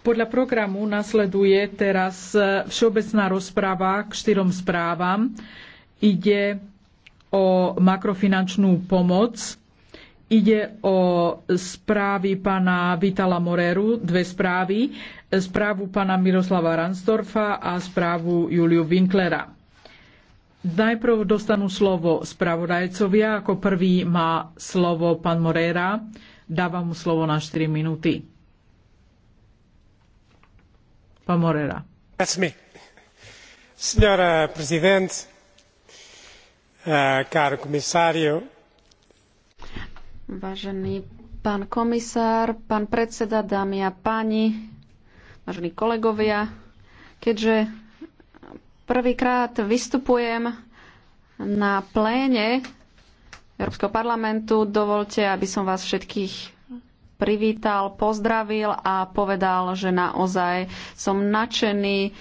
Podľa programu nasleduje teraz všeobecná rozprava k štyrom správam. Ide o makrofinančnú pomoc, ide o správy pána Vitala Moreru, dve správy, správu pána Miroslava Ransdorfa a správu Juliu Winklera. Najprv dostanú slovo spravodajcovia. Ako prvý má slovo pán Morera. Dávam mu slovo na 4 minúty. Morera. Presidente, eh, caro Vážený pán komisár, pán predseda, dámy a páni, vážení kolegovia, keďže prvýkrát vystupujem na pléne Európskeho parlamentu, dovolte, aby som vás všetkých privítal, pozdravil a povedal, že naozaj som nadšený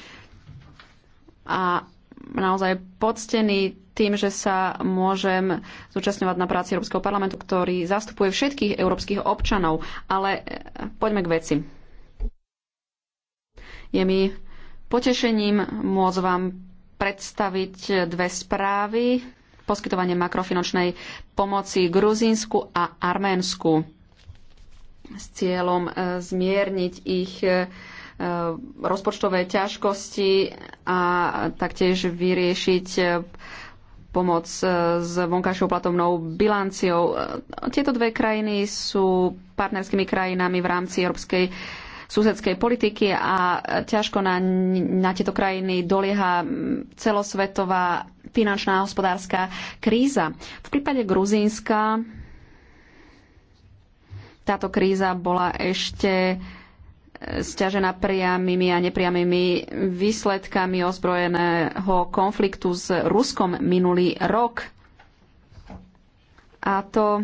a naozaj poctený tým, že sa môžem zúčastňovať na práci Európskeho parlamentu, ktorý zastupuje všetkých európskych občanov. Ale e, poďme k veci. Je mi potešením môcť vám predstaviť dve správy poskytovanie makrofinančnej pomoci Gruzínsku a Arménsku s cieľom e, zmierniť ich e, rozpočtové ťažkosti a taktiež vyriešiť e, pomoc s vonkajšou platovnou bilanciou. Tieto dve krajiny sú partnerskými krajinami v rámci európskej susedskej politiky a ťažko na, na tieto krajiny dolieha celosvetová finančná a hospodárska kríza. V prípade Gruzínska táto kríza bola ešte e, stiažená priamými a nepriamými výsledkami ozbrojeného konfliktu s Ruskom minulý rok. A to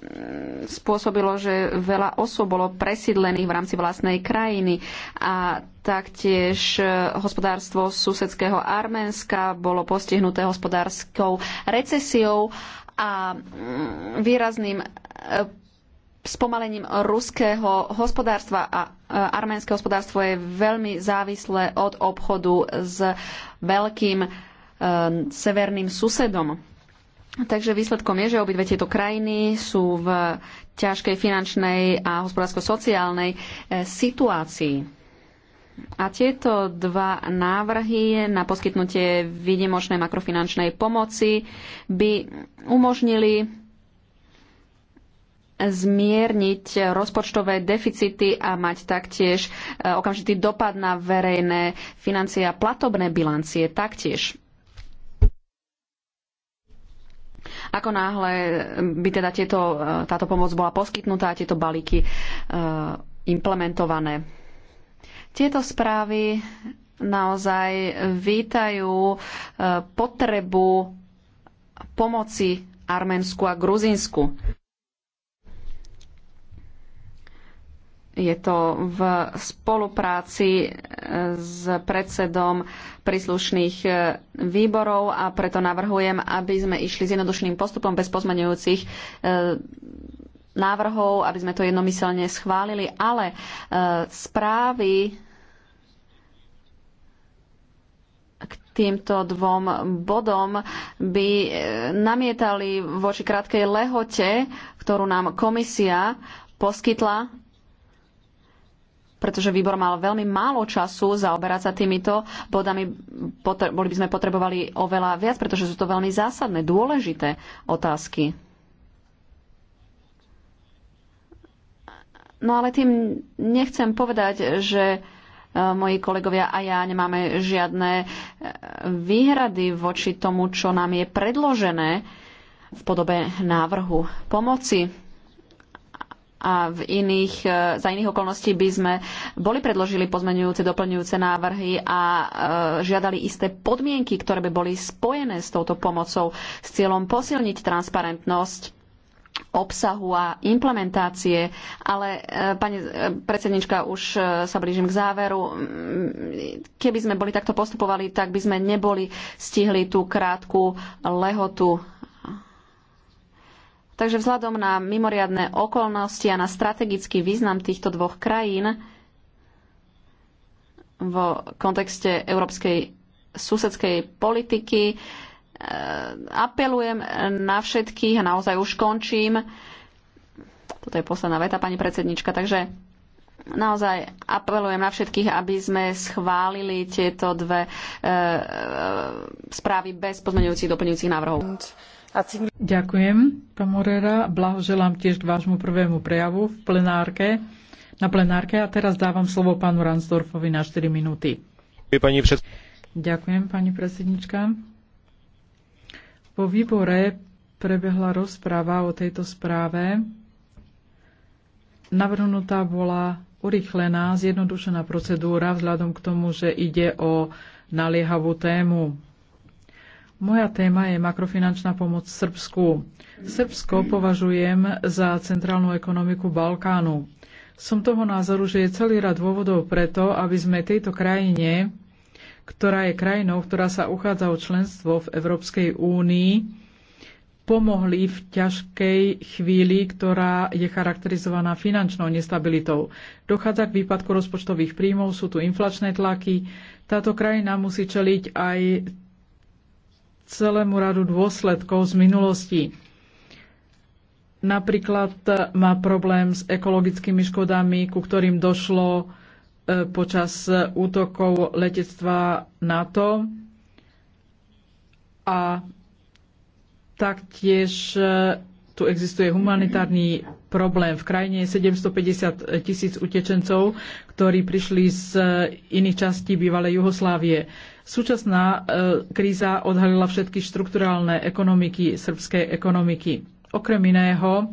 mm, spôsobilo, že veľa osôb bolo presídlených v rámci vlastnej krajiny a taktiež e, hospodárstvo susedského Arménska bolo postihnuté hospodárskou recesiou a mm, výrazným e, spomalením ruského hospodárstva a e, arménske hospodárstvo je veľmi závislé od obchodu s veľkým e, severným susedom. Takže výsledkom je, že obidve tieto krajiny sú v ťažkej finančnej a hospodársko-sociálnej situácii. A tieto dva návrhy na poskytnutie výnimočnej makrofinančnej pomoci by umožnili zmierniť rozpočtové deficity a mať taktiež e, okamžitý dopad na verejné financie a platobné bilancie taktiež. Ako náhle by teda tieto, e, táto pomoc bola poskytnutá a tieto balíky e, implementované. Tieto správy naozaj vítajú e, potrebu pomoci Arménsku a Gruzínsku. Je to v spolupráci e, s predsedom príslušných e, výborov a preto navrhujem, aby sme išli s jednodušným postupom bez pozmenujúcich návrhov, aby sme to jednomyselne schválili, ale správy týmto dvom bodom by e, namietali voči krátkej lehote, ktorú nám komisia poskytla, pretože výbor mal veľmi málo času zaoberať sa týmito bodami. Boli by sme potrebovali oveľa viac, pretože sú to veľmi zásadné, dôležité otázky. No ale tým nechcem povedať, že moji kolegovia a ja nemáme žiadne e, výhrady voči tomu, čo nám je predložené v podobe návrhu pomoci. A v iných, e, za iných okolností by sme boli predložili pozmenujúce, doplňujúce návrhy a e, žiadali isté podmienky, ktoré by boli spojené s touto pomocou s cieľom posilniť transparentnosť obsahu a implementácie, ale e, pani e, predsednička, už e, sa blížim k záveru. Keby sme boli takto postupovali, tak by sme neboli stihli tú krátku lehotu Takže vzhľadom na mimoriadne okolnosti a na strategický význam týchto dvoch krajín v kontexte európskej susedskej politiky apelujem na všetkých a naozaj už končím. Toto je posledná veta, pani predsednička, takže naozaj apelujem na všetkých, aby sme schválili tieto dve e, e, správy bez pozmeňujúcich doplňujúcich návrhov. Ďakujem, pán Morera. Blahoželám tiež k vášmu prvému prejavu v plenárke, na plenárke. A teraz dávam slovo pánu Ransdorfovi na 4 minúty. Ďakujem, pani, pred... Ďakujem, pani predsednička. Vo výbore prebehla rozpráva o tejto správe. Navrhnutá bola urychlená, zjednodušená procedúra vzhľadom k tomu, že ide o naliehavú tému. Moja téma je makrofinančná pomoc Srbsku. Srbsko považujem za centrálnu ekonomiku Balkánu. Som toho názoru, že je celý rad dôvodov preto, aby sme tejto krajine ktorá je krajinou, ktorá sa uchádza o členstvo v Európskej únii, pomohli v ťažkej chvíli, ktorá je charakterizovaná finančnou nestabilitou. Dochádza k výpadku rozpočtových príjmov, sú tu inflačné tlaky. Táto krajina musí čeliť aj celému radu dôsledkov z minulosti. Napríklad má problém s ekologickými škodami, ku ktorým došlo E, počas útokov letectva NATO a taktiež e, tu existuje humanitárny problém. V krajine je 750 tisíc utečencov, ktorí prišli z iných častí bývalej Juhoslávie. Súčasná e, kríza odhalila všetky štrukturálne ekonomiky, srbskej ekonomiky. Okrem iného,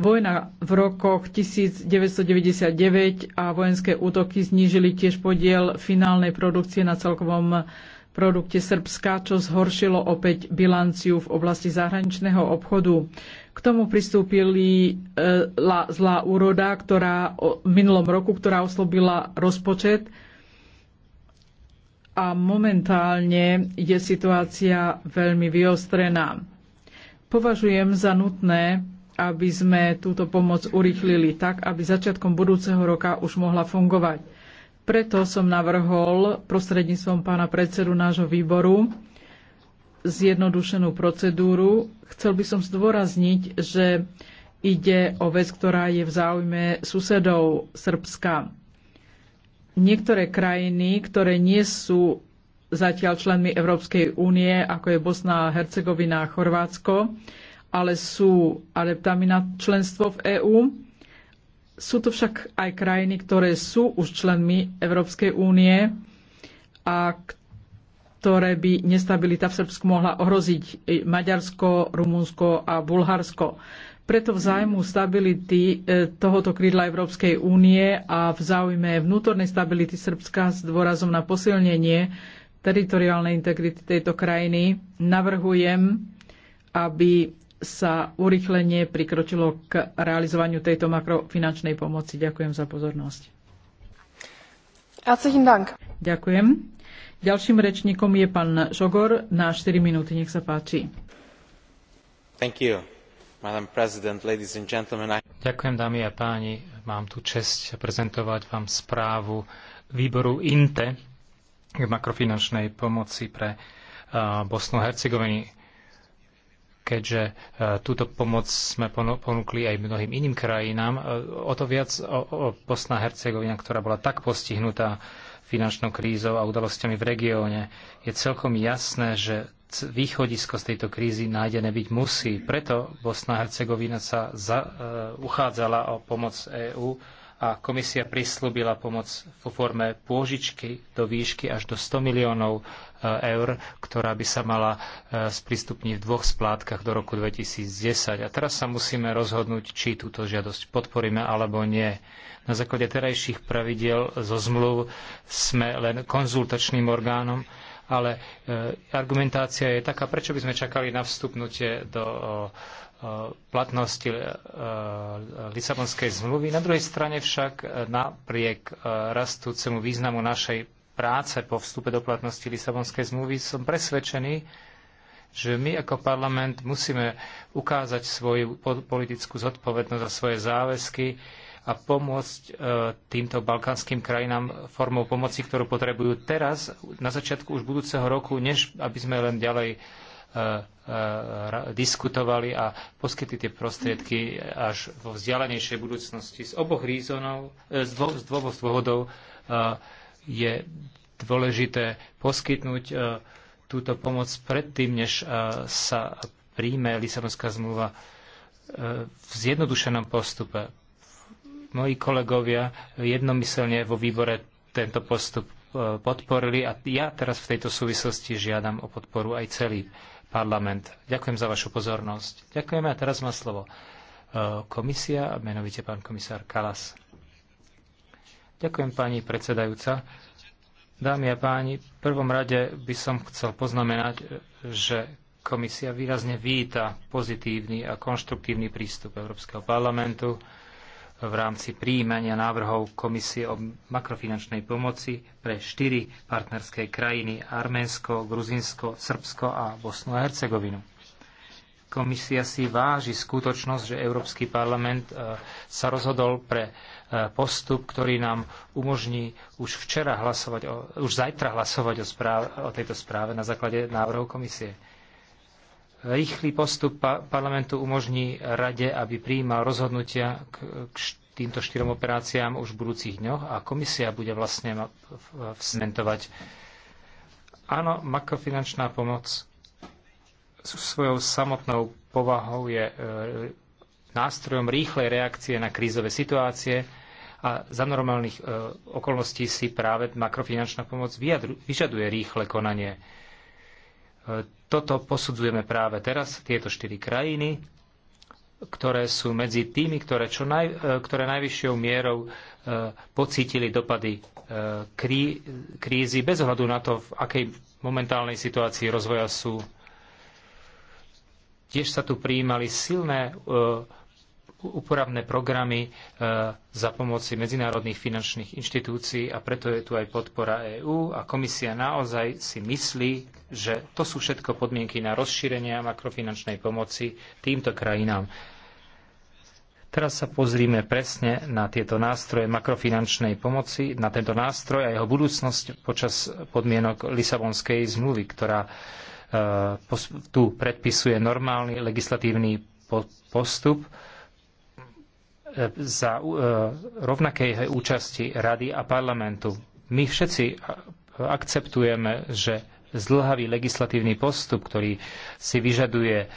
Vojna v rokoch 1999 a vojenské útoky znížili tiež podiel finálnej produkcie na celkovom produkte Srbska, čo zhoršilo opäť bilanciu v oblasti zahraničného obchodu. K tomu pristúpili e, zlá úroda, ktorá v minulom roku, ktorá oslobila rozpočet a momentálne je situácia veľmi vyostrená. Považujem za nutné aby sme túto pomoc urýchlili tak, aby začiatkom budúceho roka už mohla fungovať. Preto som navrhol prostredníctvom pána predsedu nášho výboru zjednodušenú procedúru. Chcel by som zdôrazniť, že ide o vec, ktorá je v záujme susedov Srbska. Niektoré krajiny, ktoré nie sú zatiaľ členmi Európskej únie, ako je Bosna a Hercegovina a Chorvátsko, ale sú adeptami na členstvo v EÚ. Sú to však aj krajiny, ktoré sú už členmi Európskej únie a ktoré by nestabilita v Srbsku mohla ohroziť Maďarsko, Rumunsko a Bulharsko. Preto v zájmu stability e, tohoto krídla Európskej únie a v záujme vnútornej stability Srbska s dôrazom na posilnenie teritoriálnej integrity tejto krajiny navrhujem, aby sa urychlenie prikročilo k realizovaniu tejto makrofinančnej pomoci. Ďakujem za pozornosť. Herzlichen Dank. Ďakujem. Ďalším rečníkom je pán Žogor na 4 minúty. Nech sa páči. Thank you. Madam President, ladies and gentlemen. I... Ďakujem, dámy a páni. Mám tu čest prezentovať vám správu výboru INTE k makrofinančnej pomoci pre eh, Bosnu Hercegovinu keďže e, túto pomoc sme ponúkli aj mnohým iným krajinám. E, o to viac o, o Bosna Hercegovina, ktorá bola tak postihnutá finančnou krízou a udalosťami v regióne, je celkom jasné, že východisko z tejto krízy nájdené byť musí. Preto Bosna Hercegovina sa za, uh, uchádzala o pomoc EÚ a komisia prislúbila pomoc vo forme pôžičky do výšky až do 100 miliónov eh, eur, ktorá by sa mala eh, sprístupniť v dvoch splátkach do roku 2010. A teraz sa musíme rozhodnúť, či túto žiadosť podporíme alebo nie. Na základe terajších pravidiel zo zmluv sme len konzultačným orgánom, ale eh, argumentácia je taká, prečo by sme čakali na vstupnutie do E, platnosti e, Lisabonskej zmluvy. Na druhej strane však e, napriek rastúcemu významu našej práce po vstupe do platnosti Lisabonskej zmluvy som presvedčený, že my ako parlament musíme ukázať svoju politickú zodpovednosť a svoje záväzky a pomôcť týmto balkánskym krajinám formou pomoci, ktorú potrebujú teraz, na začiatku už budúceho roku, než aby sme len ďalej Eh, eh, diskutovali a poskytli tie prostriedky až vo vzdialenejšej budúcnosti. Z oboch rízonov, eh, z, dvo, dvoch dôvodov je dôležité poskytnúť túto pomoc predtým, než sa príjme Lisabonská zmluva v zjednodušenom postupe. Moji kolegovia jednomyselne vo výbore tento postup podporili a ja teraz v tejto súvislosti žiadam o podporu aj celý parlament. Ďakujem za vašu pozornosť. Ďakujeme a teraz má slovo e, komisia, menovite pán komisár Kalas. Ďakujem pani predsedajúca. Dámy a páni, v prvom rade by som chcel poznamenať, e, že komisia výrazne víta pozitívny a konštruktívny prístup Európskeho parlamentu v rámci príjmania návrhov Komisie o makrofinančnej pomoci pre štyri partnerské krajiny Arménsko, Gruzinsko, Srbsko a Bosnu a Hercegovinu. Komisia si váži skutočnosť, že Európsky parlament e, sa rozhodol pre e, postup, ktorý nám umožní už včera hlasovať, o, už zajtra hlasovať o, správ, o tejto správe na základe návrhov komisie. Rýchly postup parlamentu umožní rade, aby prijímal rozhodnutia k, k týmto štyrom operáciám už v budúcich dňoch a komisia bude vlastne vzmentovať. Áno, makrofinančná pomoc svojou samotnou povahou je e, nástrojom rýchlej reakcie na krízové situácie a za normálnych e, okolností si práve makrofinančná pomoc vyžaduje rýchle konanie toto posudzujeme práve teraz, tieto štyri krajiny, ktoré sú medzi tými, ktoré, čo naj, e, ktoré najvyššou mierou e, pocítili dopady e, krí, krízy, bez ohľadu na to, v akej momentálnej situácii rozvoja sú. Tiež sa tu prijímali silné úpravné programy e, za pomoci medzinárodných finančných inštitúcií a preto je tu aj podpora EÚ a komisia naozaj si myslí, že to sú všetko podmienky na rozšírenie makrofinančnej pomoci týmto krajinám. Teraz sa pozrime presne na tieto nástroje makrofinančnej pomoci, na tento nástroj a jeho budúcnosť počas podmienok Lisabonskej zmluvy, ktorá e, tu predpisuje normálny legislatívny postup, za e, rovnakej účasti Rady a parlamentu. My všetci akceptujeme, že zdlhavý legislatívny postup, ktorý si vyžaduje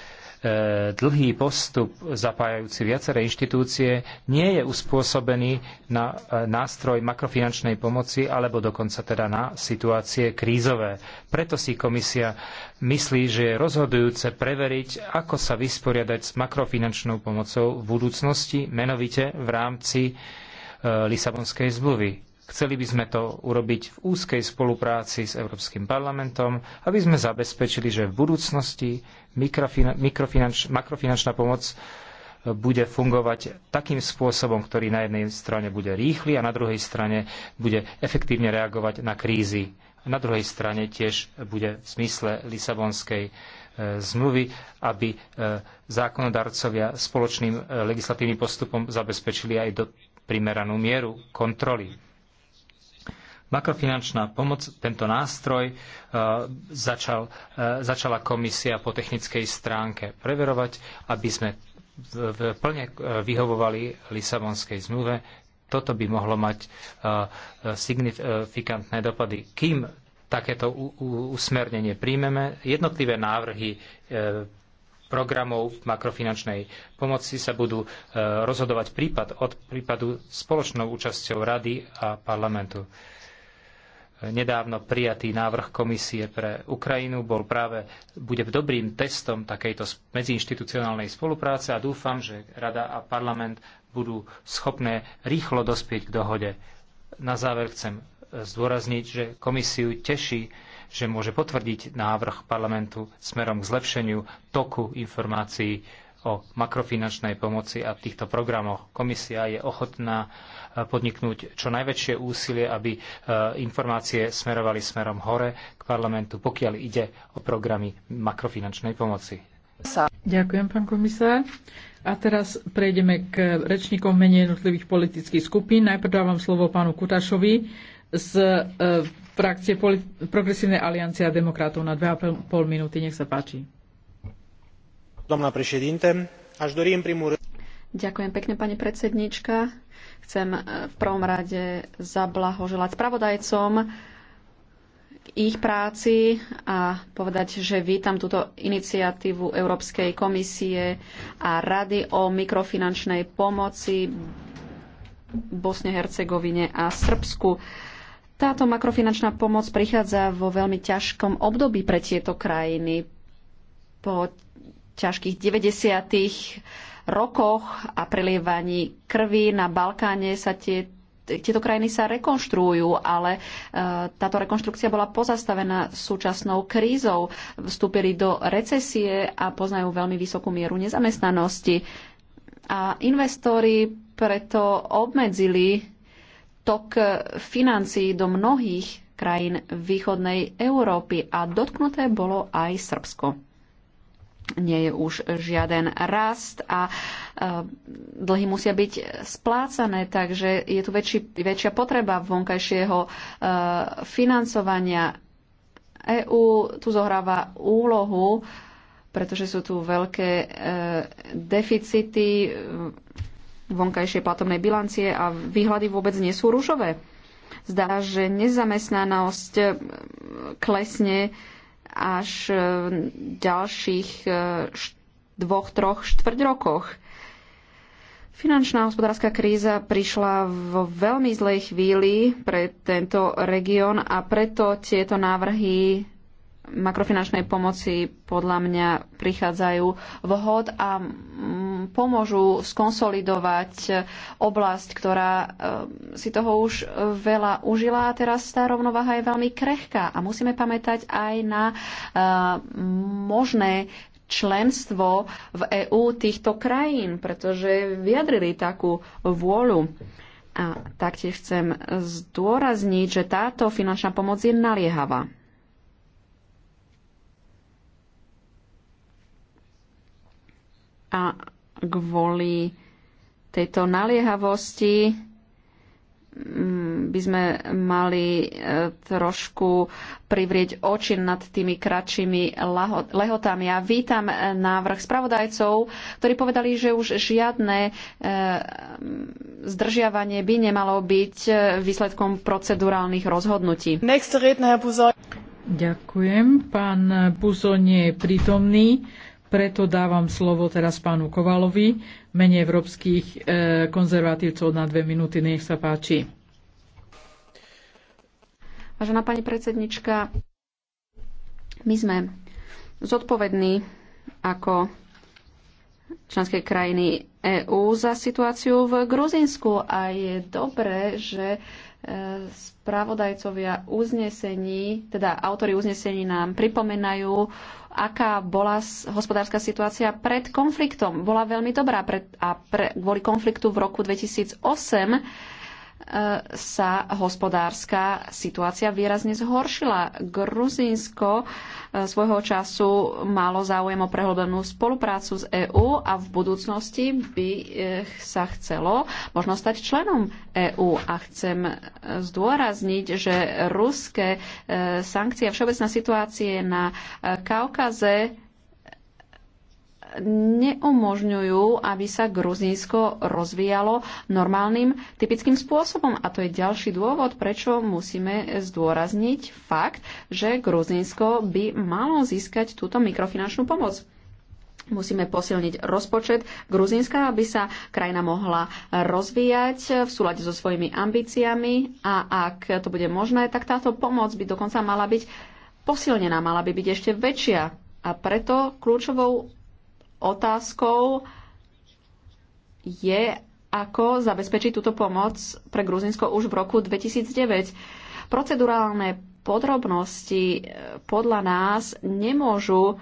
E, dlhý postup zapájajúci viaceré inštitúcie nie je uspôsobený na e, nástroj makrofinančnej pomoci alebo dokonca teda na situácie krízové. Preto si komisia myslí, že je rozhodujúce preveriť, ako sa vysporiadať s makrofinančnou pomocou v budúcnosti, menovite v rámci e, Lisabonskej zmluvy Chceli by sme to urobiť v úzkej spolupráci s Európskym parlamentom, aby sme zabezpečili, že v budúcnosti mikrofinanč, makrofinančná pomoc e, bude fungovať takým spôsobom, ktorý na jednej strane bude rýchly a na druhej strane bude efektívne reagovať na krízy. Na druhej strane tiež bude v zmysle Lisabonskej e, zmluvy, aby e, zákonodarcovia spoločným legislatívnym postupom zabezpečili aj do primeranú mieru kontroly. Makrofinančná pomoc, tento nástroj e, začal, e, začala komisia po technickej stránke preverovať, aby sme plne e, vyhovovali Lisabonskej zmluve. Toto by mohlo mať signifikantné dopady. Kým takéto usmernenie príjmeme, jednotlivé návrhy programov makrofinančnej pomoci sa budú rozhodovať prípad od prípadu spoločnou účasťou Rady a parlamentu nedávno prijatý návrh komisie pre Ukrajinu bol práve, bude dobrým testom takejto medziinštitucionálnej spolupráce a dúfam, že Rada a parlament budú schopné rýchlo dospieť k dohode. Na záver chcem e, zdôrazniť, že komisiu teší, že môže potvrdiť návrh parlamentu smerom k zlepšeniu toku informácií o makrofinančnej pomoci a týchto programoch. Komisia je ochotná e, podniknúť čo najväčšie úsilie, aby e, informácie smerovali smerom hore k parlamentu, pokiaľ ide o programy makrofinančnej pomoci. Ďakujem, pán komisár. A teraz prejdeme k rečníkom mene jednotlivých politických skupín. Najprv dávam slovo pánu Kutašovi z e, frakcie Progresívnej aliancie a demokratov na 2,5 minúty. Nech sa páči. Ďakujem pekne, pani predsednička. Chcem e, v prvom rade zablahoželať spravodajcom k ich práci a povedať, že vítam túto iniciatívu Európskej komisie a Rady o mikrofinančnej pomoci Bosne, Hercegovine a Srbsku. Táto makrofinančná pomoc prichádza vo veľmi ťažkom období pre tieto krajiny po ťažkých 90. rokoch a prelievaní krvi na Balkáne sa tie tieto krajiny sa rekonštruujú, ale e, táto rekonštrukcia bola pozastavená súčasnou krízou. Vstúpili do recesie a poznajú veľmi vysokú mieru nezamestnanosti. A investori preto obmedzili tok financií do mnohých krajín východnej Európy a dotknuté bolo aj Srbsko nie je už žiaden rast a e, dlhy musia byť splácané, takže je tu väčší, väčšia potreba vonkajšieho e, financovania. EÚ tu zohráva úlohu, pretože sú tu veľké e, deficity vonkajšej platobnej bilancie a výhľady vôbec nie sú rúžové. Zdá, že nezamestnanosť klesne až v e, ďalších e, dvoch, troch, štvrť rokoch. Finančná hospodárska kríza prišla vo veľmi zlej chvíli pre tento región a preto tieto návrhy makrofinančnej pomoci podľa mňa prichádzajú vhod a pomôžu skonsolidovať eh, oblasť, ktorá eh, si toho už veľa užila a teraz tá rovnováha je veľmi krehká a musíme pamätať aj na eh, možné členstvo v EÚ týchto krajín, pretože vyjadrili takú vôľu. A taktiež chcem zdôrazniť, že táto finančná pomoc je naliehavá. A kvôli tejto naliehavosti mm, by sme mali e, trošku privrieť oči nad tými kratšími lehotami. Ja vítam e, návrh spravodajcov, ktorí povedali, že už žiadne e, mm, zdržiavanie by nemalo byť výsledkom procedurálnych rozhodnutí. Ďakujem. Pán Buzo nie je prítomný. Preto dávam slovo teraz pánu Kovalovi, mene európskych eh, konzervatívcov na dve minúty. Nech sa páči. Vážená pani predsednička, my sme zodpovední ako členskej krajiny EÚ za situáciu v Gruzinsku a je dobré, že spravodajcovia uznesení, teda autory uznesení nám pripomenajú, aká bola hospodárska situácia pred konfliktom. Bola veľmi dobrá pred, a pre, kvôli konfliktu v roku 2008 sa hospodárska situácia výrazne zhoršila. Gruzínsko e, svojho času malo záujem o prehlbenú spoluprácu s EÚ a v budúcnosti by e, sa chcelo možno stať členom EÚ. A chcem e, zdôrazniť, že ruské sankcie a všeobecná situácie na Kaukaze neumožňujú, aby sa Gruzínsko rozvíjalo normálnym typickým spôsobom. A to je ďalší dôvod, prečo musíme zdôrazniť fakt, že Gruzínsko by malo získať túto mikrofinančnú pomoc. Musíme posilniť rozpočet Gruzínska, aby sa krajina mohla rozvíjať v súlade so svojimi ambíciami a ak to bude možné, tak táto pomoc by dokonca mala byť posilnená, mala by byť ešte väčšia. A preto kľúčovou otázkou je, ako zabezpečiť túto pomoc pre Gruzinsko už v roku 2009. Procedurálne podrobnosti e, podľa nás nemôžu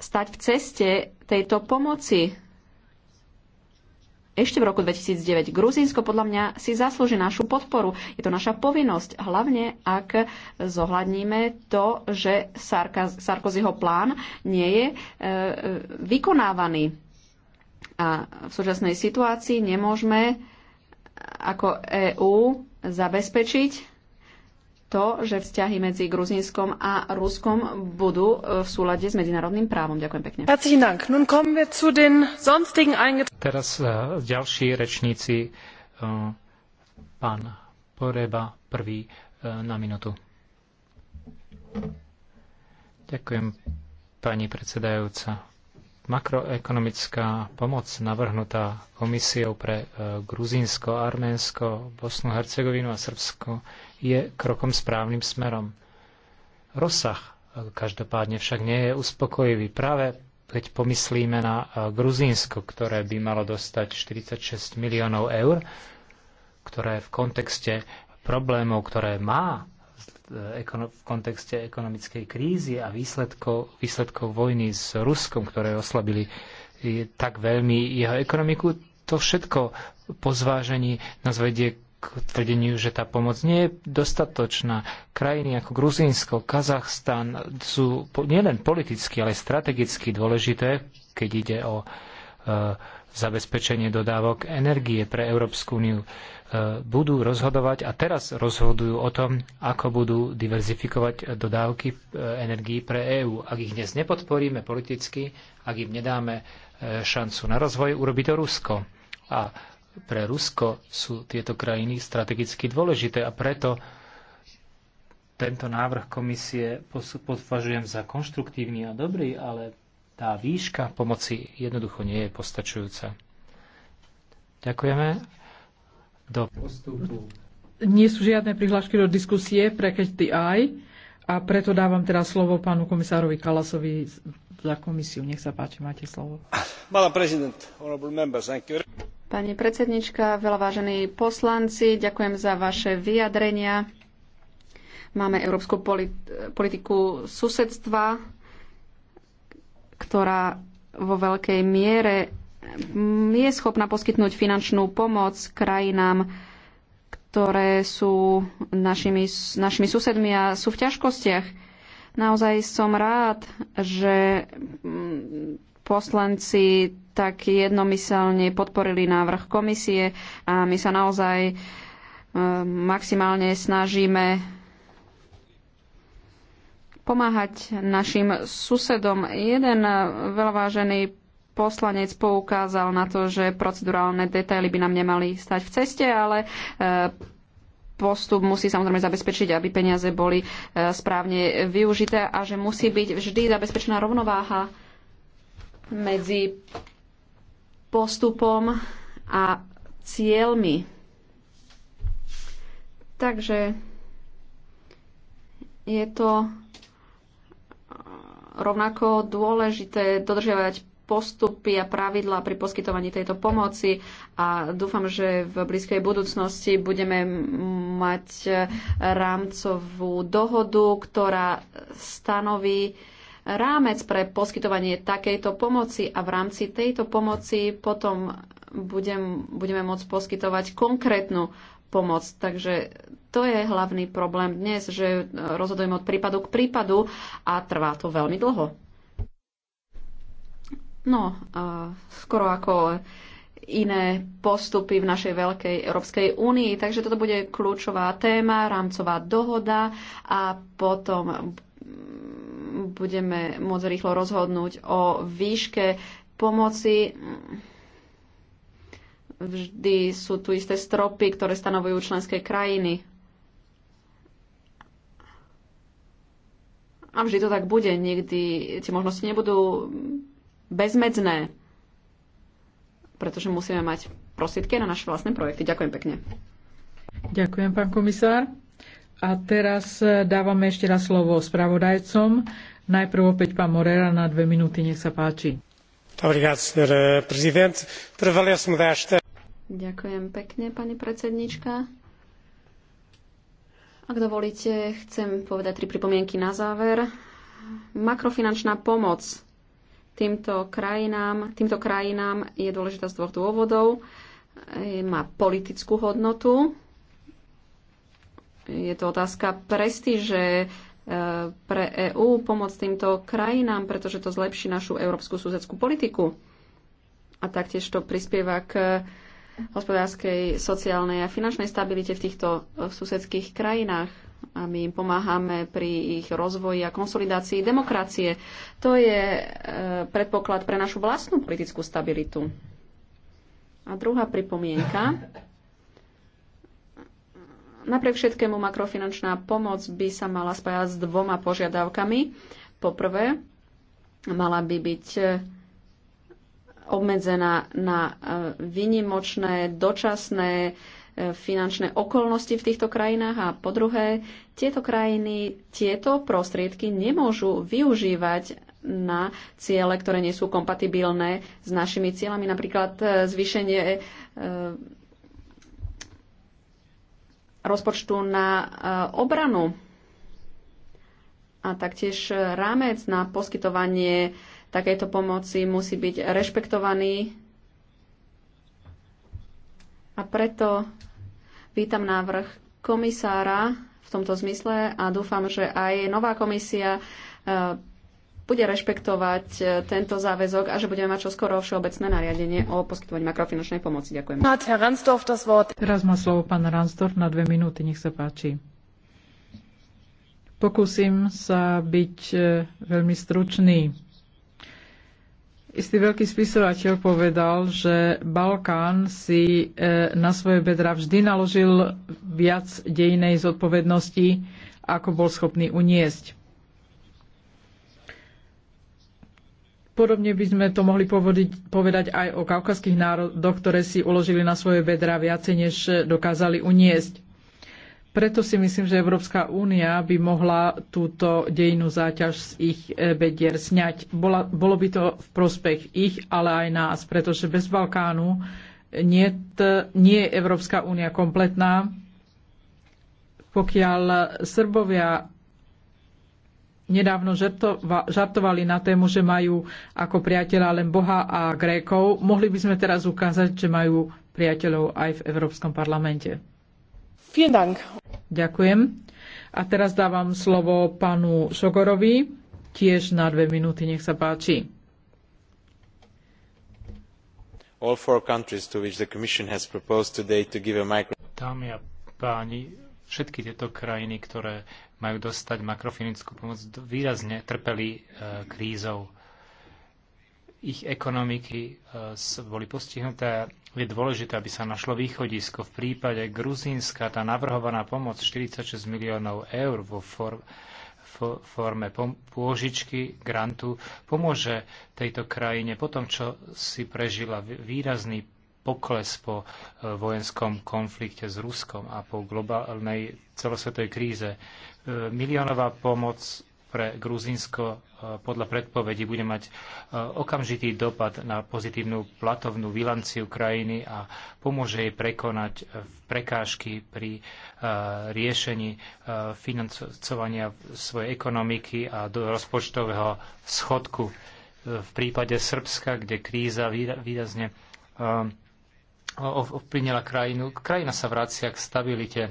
stať v ceste tejto pomoci ešte v roku 2009. Gruzínsko podľa mňa si zaslúži našu podporu. Je to naša povinnosť, hlavne ak zohľadníme to, že Sarkozyho plán nie je e, e, vykonávaný. A v súčasnej situácii nemôžeme ako EÚ zabezpečiť to, že vzťahy medzi Gruzínskom a Ruskom budú e, v súlade s medzinárodným právom. Ďakujem pekne. Teraz e, ďalší rečníci, e, pán Poreba, prvý na minutu. Ďakujem, pani predsedajúca. Makroekonomická pomoc navrhnutá Komisiou pre Gruzínsko, Arménsko, Bosnu, Hercegovinu a Srbsko je krokom správnym smerom. Rozsah e, každopádne však nie je uspokojivý. Práve keď pomyslíme na e, Gruzínsko, ktoré by malo dostať 46 miliónov eur, ktoré v kontexte problémov, ktoré má e, v kontexte ekonomickej krízy a výsledkov, výsledkov vojny s Ruskom, ktoré oslabili tak veľmi jeho ekonomiku, to všetko po zvážení nás vedie k tvrdeniu, že tá pomoc nie je dostatočná. Krajiny ako Gruzínsko, Kazachstan sú nielen politicky, ale aj strategicky dôležité, keď ide o e, zabezpečenie dodávok energie pre Európsku úniu. E, budú rozhodovať a teraz rozhodujú o tom, ako budú diverzifikovať dodávky e, energií pre EÚ. Ak ich dnes nepodporíme politicky, ak im nedáme e, šancu na rozvoj, urobí to Rusko. A pre Rusko sú tieto krajiny strategicky dôležité a preto tento návrh komisie považujem za konštruktívny a dobrý, ale tá výška pomoci jednoducho nie je postačujúca. Ďakujeme. Do postupu. Nie sú žiadne prihlášky do diskusie pre Catch aj a preto dávam teraz slovo pánu komisárovi Kalasovi za komisiu. Nech sa páči, máte slovo. Madam President, honorable members, thank you Pani predsednička, veľa vážení poslanci, ďakujem za vaše vyjadrenia. Máme európsku politiku susedstva, ktorá vo veľkej miere je schopná poskytnúť finančnú pomoc krajinám, ktoré sú našimi, našimi susedmi a sú v ťažkostiach. Naozaj som rád, že poslanci tak jednomyselne podporili návrh komisie a my sa naozaj e, maximálne snažíme pomáhať našim susedom. Jeden veľvážený poslanec poukázal na to, že procedurálne detaily by nám nemali stať v ceste, ale e, postup musí samozrejme zabezpečiť, aby peniaze boli e, správne využité a že musí byť vždy zabezpečená rovnováha medzi postupom a cieľmi. Takže je to rovnako dôležité dodržiavať postupy a pravidlá pri poskytovaní tejto pomoci a dúfam, že v blízkej budúcnosti budeme mať rámcovú dohodu, ktorá stanoví rámec pre poskytovanie takejto pomoci a v rámci tejto pomoci potom budem, budeme môcť poskytovať konkrétnu pomoc. Takže to je hlavný problém dnes, že rozhodujeme od prípadu k prípadu a trvá to veľmi dlho. No, uh, skoro ako iné postupy v našej veľkej Európskej únii. Takže toto bude kľúčová téma, rámcová dohoda a potom budeme môcť rýchlo rozhodnúť o výške pomoci. Vždy sú tu isté stropy, ktoré stanovujú členské krajiny. A vždy to tak bude. Nikdy tie možnosti nebudú bezmedzné, pretože musíme mať prostriedky na naše vlastné projekty. Ďakujem pekne. Ďakujem, pán komisár. A teraz e, dávame ešte raz slovo spravodajcom. Najprv opäť pán Morera na dve minúty, nech sa páči. Eh, Ďakujem pekne, pani predsednička. Ak dovolíte, chcem povedať tri pripomienky na záver. Makrofinančná pomoc týmto krajinám, týmto krajinám je dôležitá z dvoch dôvodov. E, má politickú hodnotu, je to otázka prestíže eh, pre EÚ, pomoc týmto krajinám, pretože to zlepší našu európsku súzeckú politiku. A taktiež to prispieva k eh, hospodárskej, sociálnej a finančnej stabilite v týchto eh, susedských krajinách. A my im pomáhame pri ich rozvoji a konsolidácii demokracie. To je predpoklad pre našu vlastnú politickú stabilitu. A druhá pripomienka Napriek všetkému makrofinančná pomoc by sa mala spájať s dvoma požiadavkami. Poprvé, mala by byť e, obmedzená na e, vynimočné, dočasné e, finančné okolnosti v týchto krajinách a po druhé, tieto krajiny tieto prostriedky nemôžu využívať na ciele, ktoré nie sú kompatibilné s našimi cieľami, napríklad zvýšenie rozpočtu na eh, obranu a taktiež rámec na poskytovanie takejto pomoci musí byť rešpektovaný. A preto vítam návrh komisára v tomto zmysle a dúfam, že aj nová komisia eh, bude rešpektovať e, tento záväzok a že budeme mať čoskoro všeobecné nariadenie o poskytovaní makrofinančnej pomoci. Ďakujem. Teraz má slovo pán Ransdorf na dve minúty, nech sa páči. Pokúsim sa byť e, veľmi stručný. Istý veľký spisovateľ povedal, že Balkán si e, na svoje bedra vždy naložil viac dejnej zodpovednosti, ako bol schopný uniesť. Podobne by sme to mohli povodiť, povedať aj o kaukazských národoch, ktoré si uložili na svoje bedra viacej, než dokázali uniesť. Preto si myslím, že Európska únia by mohla túto dejinu záťaž z ich e, bedier sňať. Bola, bolo by to v prospech ich, ale aj nás, pretože bez Balkánu nie, nie je Európska únia kompletná, pokiaľ Srbovia nedávno žartova, žartovali na tému, že majú ako priateľa len Boha a Grékov. Mohli by sme teraz ukázať, že majú priateľov aj v Európskom parlamente. Dank. Ďakujem. A teraz dávam slovo pánu Šogorovi, tiež na dve minúty, nech sa páči. All four countries to which the Commission has proposed today to give a micro... Dámy a páni, všetky tieto krajiny, ktoré majú dostať makrofinickú pomoc, výrazne trpeli e, krízou. Ich ekonomiky e, boli postihnuté. Je dôležité, aby sa našlo východisko. V prípade Gruzínska tá navrhovaná pomoc 46 miliónov eur vo forme forme pôžičky, grantu, pomôže tejto krajine po tom, čo si prežila výrazný pokles po e, vojenskom konflikte s Ruskom a po globálnej celosvetovej kríze. E, miliónová pomoc pre Gruzínsko e, podľa predpovedí bude mať okamžitý dopad na pozitívnu platovnú bilanciu krajiny a pomôže jej prekonať prekážky pri riešení financovania svojej ekonomiky a do rozpočtového schodku. V prípade Srbska, kde kríza výrazne ovplyvnila krajinu. Krajina sa vracia k stabilite.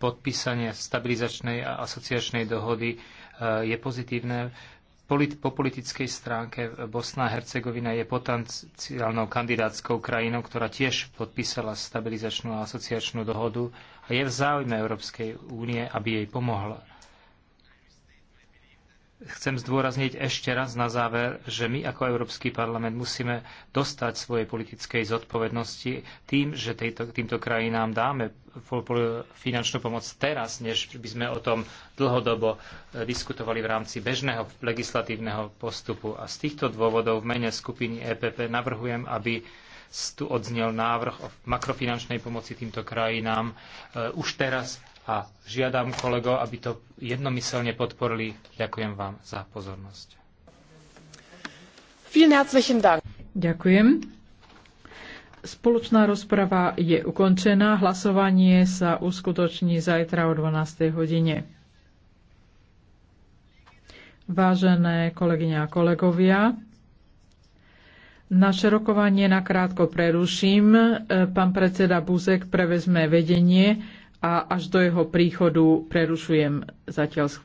Podpísanie stabilizačnej a asociačnej dohody e, je pozitívne. Po politickej stránke Bosna a Hercegovina je potenciálnou kandidátskou krajinou, ktorá tiež podpísala stabilizačnú a asociačnú dohodu a je v záujme Európskej únie, aby jej pomohla Chcem zdôrazniť ešte raz na záver, že my ako Európsky parlament musíme dostať svojej politickej zodpovednosti tým, že tejto, týmto krajinám dáme finančnú pomoc teraz, než by sme o tom dlhodobo e, diskutovali v rámci bežného legislatívneho postupu. A z týchto dôvodov v mene skupiny EPP navrhujem, aby tu odznel návrh o makrofinančnej pomoci týmto krajinám e, už teraz a žiadam kolegov, aby to jednomyselne podporili. Ďakujem vám za pozornosť. Ďakujem. Spoločná rozprava je ukončená. Hlasovanie sa uskutoční zajtra o 12. hodine. Vážené kolegyne a kolegovia, naše rokovanie nakrátko preruším. Pán predseda Buzek prevezme vedenie a až do jeho príchodu prerušujem zatiaľ schôdzu.